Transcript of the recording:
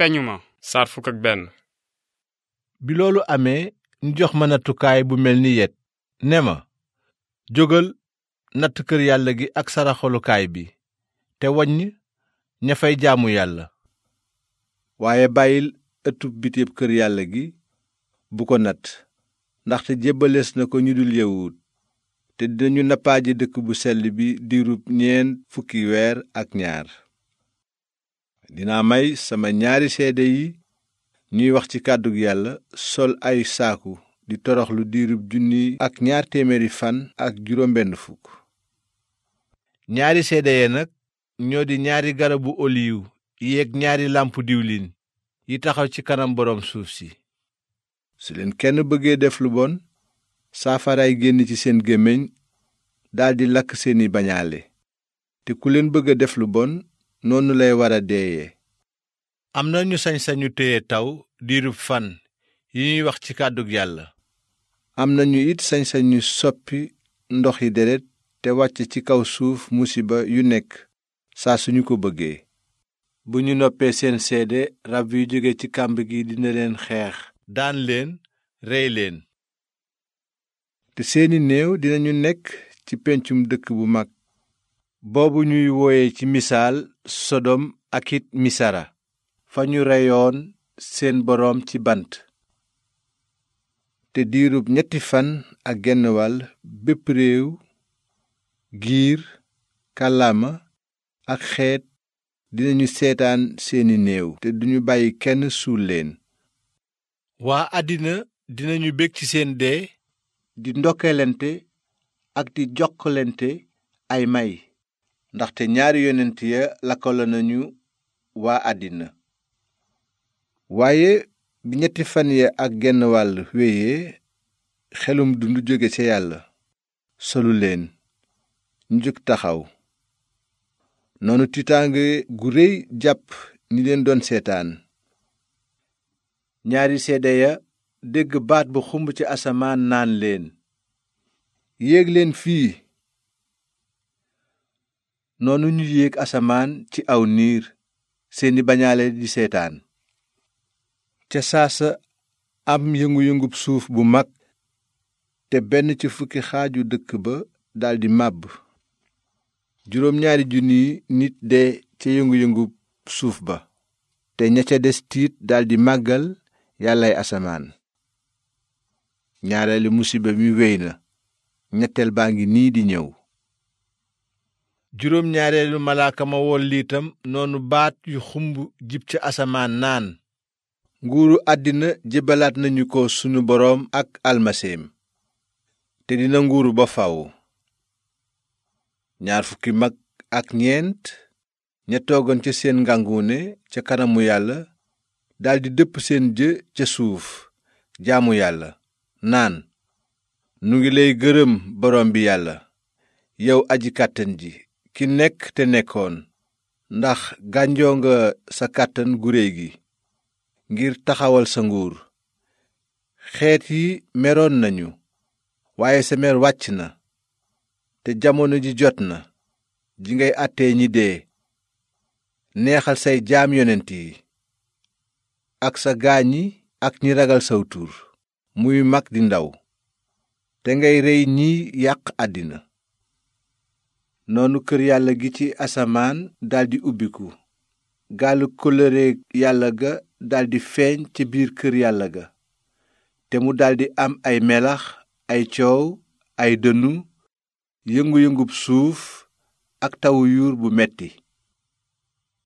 peñu ma bi loolu amee ñu jox ma nattukaay bu mel ni yet ne ma jógal natt kër yàlla gi ak saraxalukaay bi te waññ ña fay jaamu yàlla waaye bàyyil ëttub bitéeb kër yàlla gi bu ko natt ndaxte jébbalees na ko ñu dul yawut te dinañu nappaaje dëkk bu sell bi diirub ñeent fukki weer ak ñaar dinaa may sama ñaari seede yi ñuy wax ci kàddu yàlla sol ay saaku di torox lu diirub junni ak ñaar téeméeri fan ak juróom benn fukk ñaari seede ya nag ñoo di ñaari garabu oliw yeeg ñaari làmp diwlin yi taxaw ci kanam boroom suuf si su leen kenn bëggee def lu bon saafaraay génn ci seen gémmiñ daldi lakk seeni bañaale te ku leen bëgg a def lu bon noonu lay war a deeyee am nañu sañ-sañu téye taw diirub fan yi ñuy wax ci kàddug yàlla am na ñu it sañ-sañu soppi ndox yi deret te wàcc ci kaw suuf musiba yu nekk saa suñu ko bëggee bu ñu noppee seen seede rab yu jóge ci kàmb gi dina leen xeex daan leen rey leen te seeni néew dinañu nekk ci pencum dëkk bu mag boobu ñuy wooye ci misaal sodom ak it misara fa ñu reyoon seen boroom ci bant te diirub ñetti fan ak genn wàll bépp réew giir kàllaama ak xeet dinañu seetaan seeni néew te duñu bàyyi kenn suul leen waa àddina dinañu bég ci seen dee di ndokkelente ak di jokkalante ay may ndaxte ñaari yonent ya lakkale nañu waa àddina waaye bi ñetti fan ya ak genn wàll wéyee xelum dund jóge ca yàlla solu leen ñu jóg taxaw noonu tiitaange gu réy jàpp ñi leen doon seetaan ñaari seede ya dégg baat bu xumb ci asamaan naan leen yéeg leen fii noonu ñu yéeg asamaan ci aw niir seeni bañaale di seetaan ca saasa am yëngu-yëngub suuf bu mag te benn ci fukki xaaju dëkk ba daldi màbb juróom ñaari junni nit dee ca yëngu-yëngub suuf ba te ña ca des tiit daldi màggal yàllay asamaan ñaareelu musiba mi wéy na ñetteel baa ngi nii di ñëw juróom ñaareelu malaaka ma wol liitam noonu baat yu xumb jib ci asamaan naan nguuru àddina jébalaat nañu ko sunu boroom ak almaseem te dina nguuru ba faw ñaar fukki mag ak ñeent ña toogoon ca seen ngànguune ca kanamu yàlla daldi dëpp seen jë ca suuf jaamu yàlla naan nu ngi lay gërëm boroom bi yàlla yow aji kàttan ji ki nekk te nekkoon ndax gànjoo nga sa kàttan gu réy gi ngir taxawal sa nguur xeet yi meroon nañu waaye sa mer wàcc na te jamono ji jot na ji ngay àttee ñi dee neexal say jaam yonent yi ak sa gaañ yi ak ñi ragal saw muy mag di ndaw te ngay rey ñiy yàq àddina noonu kër yàlla gi ci asamaan daldi ubbiku gaalu kóllëre yàlla ga daldi feeñ ci biir kër yàlla ga te mu daldi am ay melax ay coow ay dënnu yëngu yëngu suuf ak tawu yuur bu metti